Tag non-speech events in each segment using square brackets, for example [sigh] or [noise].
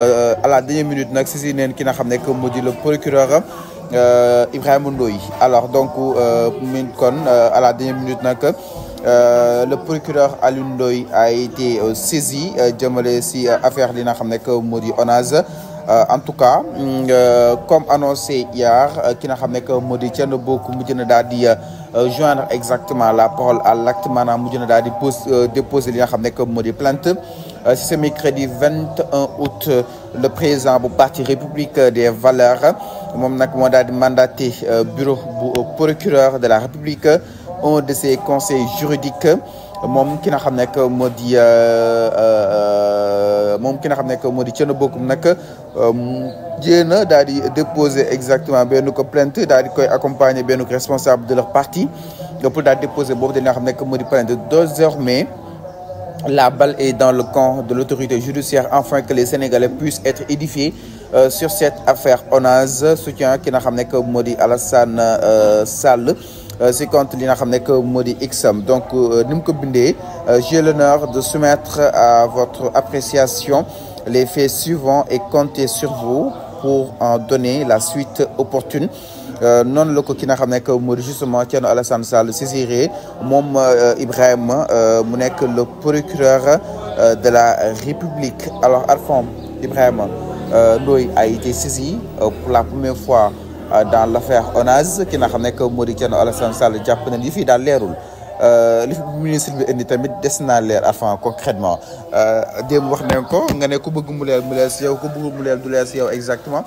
Euh, à la dernière minute nak si si neen ki nga xam ne moo le procureur euh, Ibrahim Ndoy alors donc euh, min kon à la dernière minute euh le procureur Ali Ndoy a été saisi jëmale ci affaire li nga xam ne moo en tout cas mm, comme annoncé hier ki nga xam ne moo di Thierno Bocoum mujj na daal di euh, joindre exactement la parole à l'acte de na euh, déposer li nga euh, ce mercredi 21 août le président du parti république des valeurs mom nak bureau procureur de la république un de ses conseils juridiques qui ki nga mom ki nga xam ne que moo di Thierno Bocoum nag euh, déposer exactement benn ko plainte daal koy accompagner benn responsable de leur parti pour daal déposer boobu dina xam modi plainte désormais la balle est dans le camp de l'autorité judiciaire afin que les Sénégalais puissent être édifiés euh, sur cette affaire ONAS soutien ki nga xam ne que moo di Alassane euh, Sall. C'est euh, compte li nga xamné que moo Xam donc euh, nous ko euh, j'ai l'honneur de soumettre à votre appréciation les faits suivants et compter sur vous pour en donner la suite opportune Non, le ko ki nga que ne moo justement Thierno Alassane Sall saisiré mom Ibrahima mu le procureur de la République alors Alphonse Ibrahima Ndoye a été saisi pour la première fois euh, dans l' affaire ONAS ki nga xam ne moo Alassane Sall jàpp nañu yi fii daal leerul euh, li fi ministre bi indi tamit des naa leer enfin concrètement euh, démb wax nañ ko nga ne ku bëgg mu leer mu leer si yow ku bëgg mu leer du leer yow exactement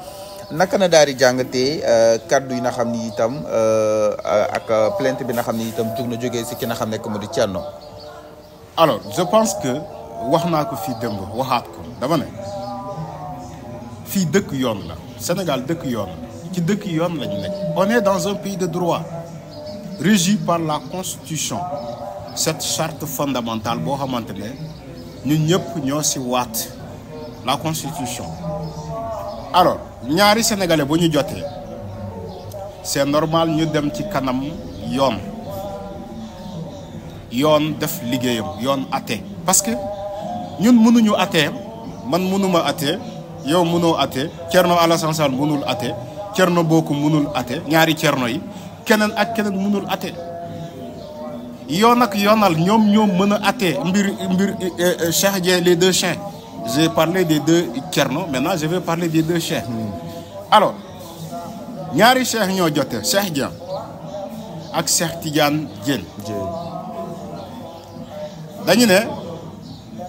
naka na daal di jàngatee kaddu yi nga xamni itam euh ak plainte bi nga xamni itam jug joge ci ki nga xam ne moo di alors je pense que wax naa ko fii démb waxaat ko dama ne fi deuk yoon la senegal deuk yoon la ci dëkk yoon la ñu on est dans un pays de droit régi par la constitution cette charte fondamentale boo xamante ne ñun ñëpp ñoo si la constitution alors ñaari sénégalais bu ñu jotee c'est normal ñu dem ci kanam yoon yoon def liggéeyam yoon atte parce que ñun mënuñu atte man mënuma atte yow mënoo atte Thierno Alassane Sall mënul atte cerno a munul até ñaari yi ak kenen Munul Até. les deux chiens j'ai parlé des deux cerno maintenant je vais parler des deux chiens. Hmm. alors ñaari cheikh ñoo joté Cheikh ak Cheikh Tidiane dañu né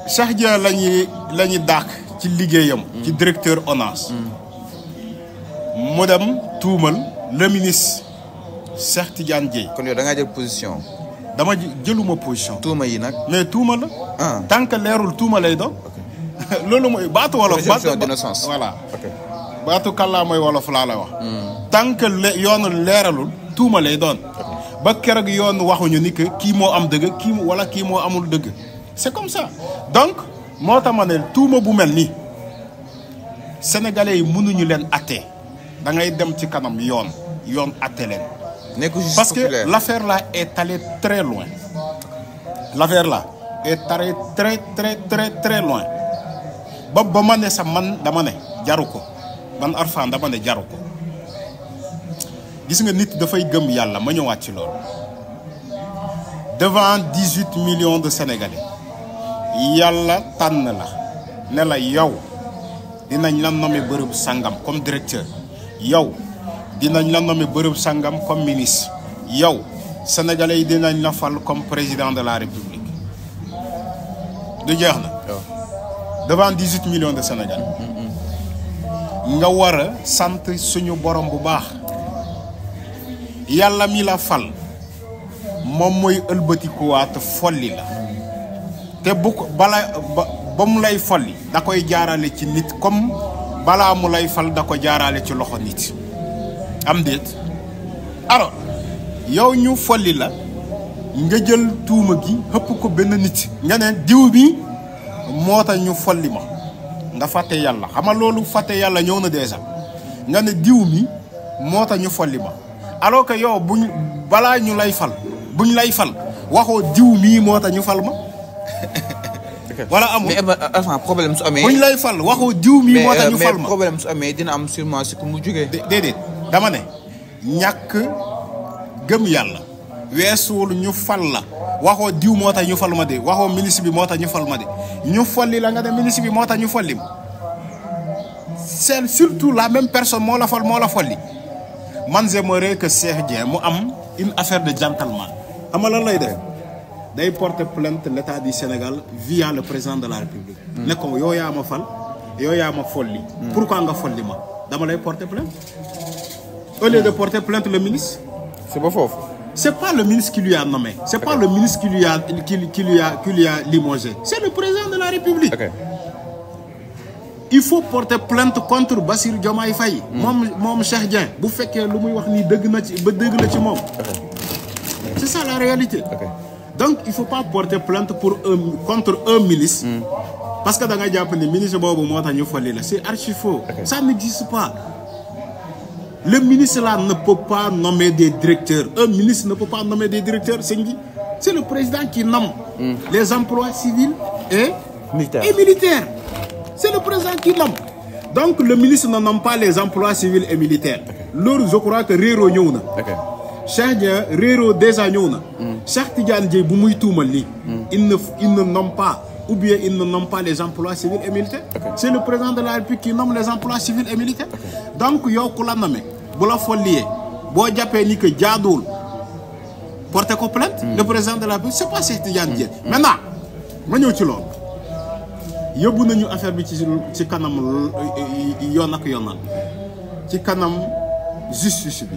Cheikh lañuy ci hmm. directeur mu dem le ministre Cheikh Tidiane Dièye. kon yow da ngaa jël position. dama jëluma position. tuuma yi nag. mais tuuma la. ah tant que leerul tuuma lay doon. [laughs] loolu Bato wala. wolof. d'innocence voilà. baatu kàllaa mooy wolof laa la wax. Hmm. tant que le yoonu leeralul tuuma lay doon. ba keroog yon waxuñu ni que kii moo am dëgg kii wala ki mo amul dëgg. c'est comme ça donc moo tax ma ne tuuma bu mel sénégalais yi mënuñu len atte dem ci kanam parce que l'affaire là est allée très loin l'affaire là est allée très très très très loin ba ba mané sa man dama Vous Arfan dama gis nga nit gëm devant 18 millions de sénégalais Yalla tan la né la yow la sangam comme directeur yow dinañ la nommer bërëb sangam comme ministre yow sénégalais yi dinañ la fal comme président de la république du jeex na. Oh. devant 18 millions de sénégalais. Mm, mm, mm. nga war a sant suñu borom bu baax. yàlla mi la fal moom mooy ëlbatikuwaat folli la te bu bala ba mu lay folli da koy jaarale ci nit comme. balaa mu lay fal da ko jaarale ci loxo nit am déet alors yow ñu folli la nga jël tuuma gi xëpp ko benn nit nga ne diw bi moo tax ñu folli ma nga fàtte yàlla xam loolu fàtte yàlla ñëw na déjà nga ne diw mi moo tax ñu folli ma alors que yow buñ balaa ñu lay fal buñ lay fal waxoo diw mii moo tax ñu fal ma wala amul mais euh, euh, enfant problème su amee. buñ lay fal waxu diw mi moo tax euh, ñu fal ma mais problème su amee dina am sûrement si que mu jugee. déedéet dama ne ñàkk gëm yàlla weesuwul ñu fal la waxoo diw moo tax ñu fal ma de waxoo ministre bi moo tax ñu fal ma de ñu folli la nga ne ministre bi moo tax ñu folli ma c'est surtout la même personne moo la fal moo la folli man j'aimerais que Cheikh Dieng mu am une affaire de gentleman ama lan lay def day porter plainte l'État du Sénégal via le président de la République. Hmm. ne ko a ma fal yow a ma folli. Hmm. pourquoi nga folli ma dama lay porter plainte. au lieu de porter plainte le ministre. c'est pas fof c'est pas le ministre qui lui a nommé. c'est pas le ministre qui lui a qui lui a qui lui a limogé. c'est le président de la République. il faut porter plainte contre Basir Diomaye Faye. Hmm. moom moom Cheikh Dieng. bu fekkee lu muy wax nii c'est ça la réalité donc il ne faut pas porter plainte contre un ministre. Mm. parce que dans nga ni ministre c'est archi faux. ça n'existe pas. le ministre là ne peut pas nommer des directeurs un ministre ne peut pas nommer des directeurs c'est le président qui nomme. Mm. les emplois civils et. militaires et c'est le président qui nomme. donc le ministre ne nomme pas les emplois civils et militaires. je crois que réunion Cheikh Dia réeroo dèjà ñëw na. Mm. Cheikh Tidiane Dièye bu muy tuumal lii. Mm. il ne il ne nomme pas ou bien il ne nomme pas les emplois civils et militaires. c'est le président de la République qui nomme les emplois civils et militaires. donc yow ku la nommé bu la folliyee boo jàppee ni que jaaduwul porter ko plainte. Mm. le président de la République c'est pas Cheikh Tidiane Dièye. maintenant ma ñëw ci loolu yóbbu nañu affaire bi ci ci kanam yoon ak yoonal ci kanam justice bi.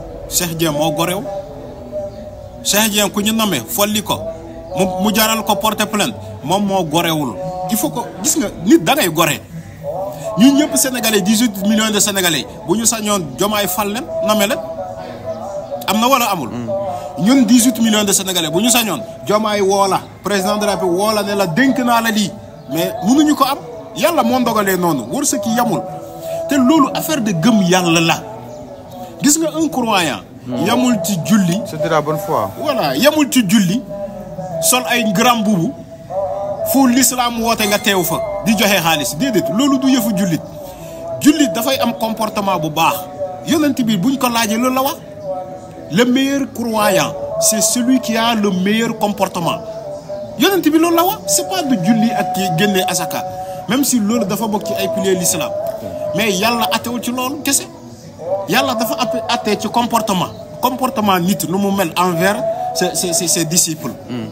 Cheikh Dieng mo gorew Cheikh Dieng ku ñu de folli ko mu jaral ko porter plainte mom mo gorewul il faut que gis nga nit da ngay Nous, ñun ñëpp sénégalais 18 millions de sénégalais bu ñu sañon jomay fallem leen name amna wala amul. Mm. ñun a 18 millions de sénégalais bu ñu sañon jomay wola président de la République wola la la denk na la li mais ñu ko am yalla mo ndogalé noonu yamul te lolu affaire de gëm yalla la gis nga un croyant yamul ci julli. c'est de la bonne foi. voilà yamul ci julli sol ay grand bubu fu l'islam wote nga teew fa di joxe xaalis déedéet lolou du yëfu jullit jullit fay am comportement bu baax yonent bi buñ ko laajee lolou la wax le meilleur croyant c'est celui qui a le meilleur comportement yonent bi lolou la wax c'est pas de julli ak kii génne asaka même si lolou dafa bok ci ay piliers l'islam mais yalla atewul ci lolou kese. yàlla dafa attee ci comportement comportement nit lu mu mel envers ses ses ses disciples. Mm.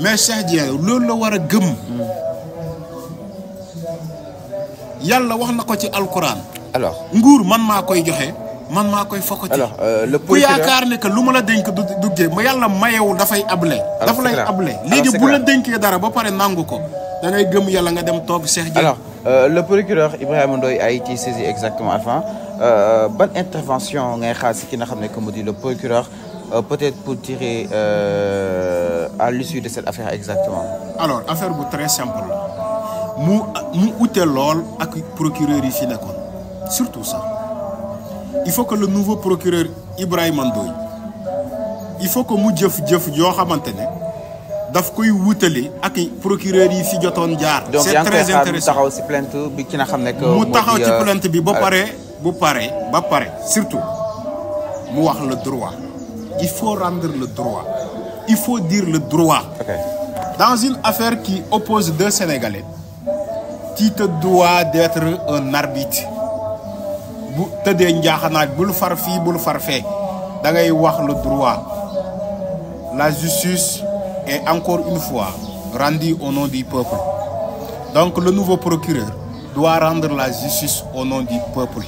mais Cheikh Dieng loolu la war a gëm. Mm. yàlla wax na ko ci alquran. alors nguur man maa koy joxe man maa koy fokkati. alors euh, le ku yaakaar ne que lu ma la dénk du dugge ma yàlla mayewu dafay able. dafa lay able léegi bu la dénkee dara ba pare nangu ko da ngay gëm yàlla nga dem toog Cheikh Dieng. Euh, le procureur Ibrahim Ndoye a été saisi exactement avant euh, bonne intervention ngay si le procureur euh, peut-être pour tirer à l'issue de cette affaire exactement. alors affaire très simple nous avons mu procureur yi surtout ça il faut que le nouveau procureur Ibrahim Ndoye il faut que nous nous daf koy wutale ak procureur yi si jotoon jaar. c'est très intéressant donc taxaw si plainte bi ki nga xam ne mu taxaw ci euh, plainte bi ba pare bu pare ba pare surtout mu wax le droit il faut rendre le droit il faut dire le droit. dans une affaire qui oppose deux Sénégalais tu te dois d'être un arbitre bu tëddee njaaxanaaj bul far fii bul far fee da ngay wax le droit la justice. Et encore une fois rendu au nom du peuple. Donc le nouveau procureur doit rendre la justice au nom du peuple.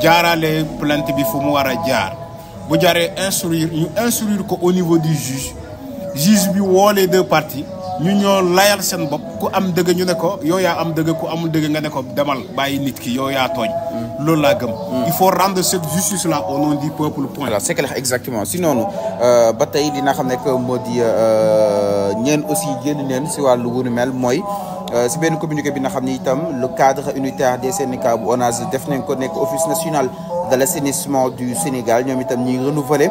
Car les plaintes fu mu Jar. a bu jaree instruire instruire au niveau du juge juge bi les deux parties l'union ñoo layal ku am dëgg ñu ne ko yow yaa am dëgg ku amul dëgg nga ne ko demal bàyyi nit ki yow yaa tooñ. loolu laa gëm. Hmm. il faut rendre cette justice là au nom du peuple point. voilà c'est clair exactement si noonu euh, ba tey dina xam ne que moo di euh, ñeen aussi génn neen si wàllu wu mel mooy. Euh, si benn communiqué bi nga xam itam le cadre unitaire des syndicats bu ONAS def nañ ko nekk office national de l'assainissement du Sénégal ñoom itam ñuy renouveler.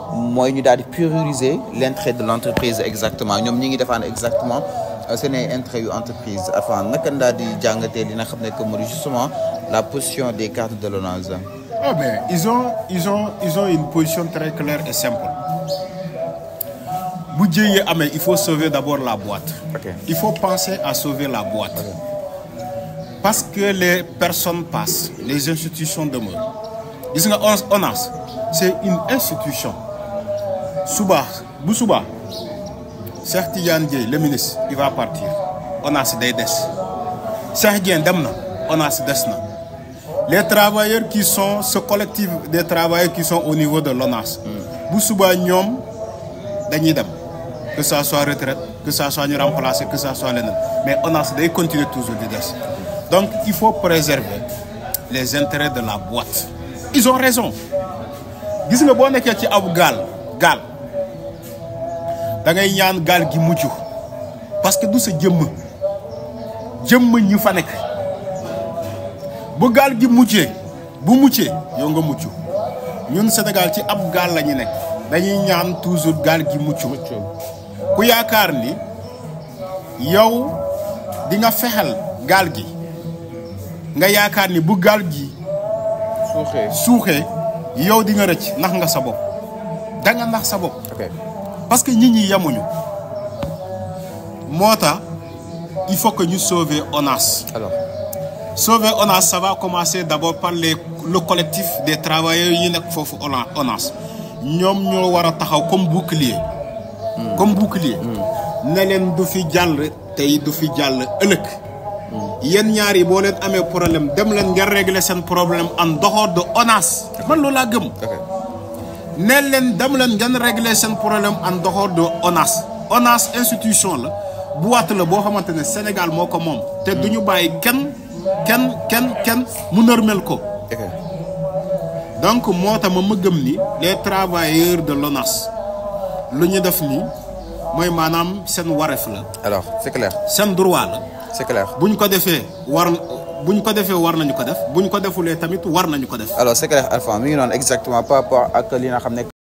moi ñu daal prioriser l'entrée de l'entreprise exactement ñoom ñi ngi exactement euh, seen ay intérêt yu entreprise avant naka daal di jàngatee dina justement la position des cartes de l'ONAS. ah mais ils ont ils ont ils ont une position très claire et simple bu il faut sauver d'abord la boîte. il faut penser à sauver la boîte. parce que les personnes passent les institutions demeurent gis nga ONAS c'est une institution suba bu suba Cheikh Tidiane le ministre il va partir On a des Cheikh Dièye on ONAS des les travailleurs qui sont ce collectif des travailleurs qui sont au niveau de l'ONAS hmm. bu suba ñoom dañuy dem que ça soit retraite que ça soit ñu que ça soit leneen mais ONAS day continuer toujours de des donc il faut préserver les intérêts de la boîte ils ont raison dis nga bon, ne ci ab Gal. da ngay ñaan gaal gi mujj parce que du sa jëmm jëmm ñi fa nekk bu gaal gi muccee bu muccee yow nga mucc ñun Sénégal ci ab gaal la nekk dañuy ñaan toujours gaal gi mucc ku yaakaar ni yow dinga nga gaal gi nga yaakaar ni bu gaal gi suuxee suuxee yow di nga rëcc nax nga sa bopp da nga nax sa bopp parce que nous ñi yemuñu Mota, il faut que nous sauver ONAS. alors sauver ONAS ça va commencer d'abord par les le collectif des travailleurs yi nekk foofu ONAS ñoom ñoo war taxaw comme bouclier. Hmm. comme bouclier. Hmm. ne leen du fi jàll tey du fi jàll ëllëg. Hmm. yéen ñaar yi amé problème dem len nga régler sen problème en dehors de ONAS. man loolu gëm neen leen dem régler seen problème en dehors de ONAS ONAS institution la boîte la bo xamantene Sénégal moko mom té duñu baye Ken, Ken, Ken, ken mu normal ko. donc moo tax ma gëm ni les travailleurs de l'ONAS luñu def ni moy manam sen wareef la. alors c'est clair. sen droit la. c'est clair buñ ko défé war buñ ko defee war nañu ko def buñ ko defulee tamit war nañu ko def. alors secrétaire Alpha mi ngi noonu exactement par rapport ak li nga xam ne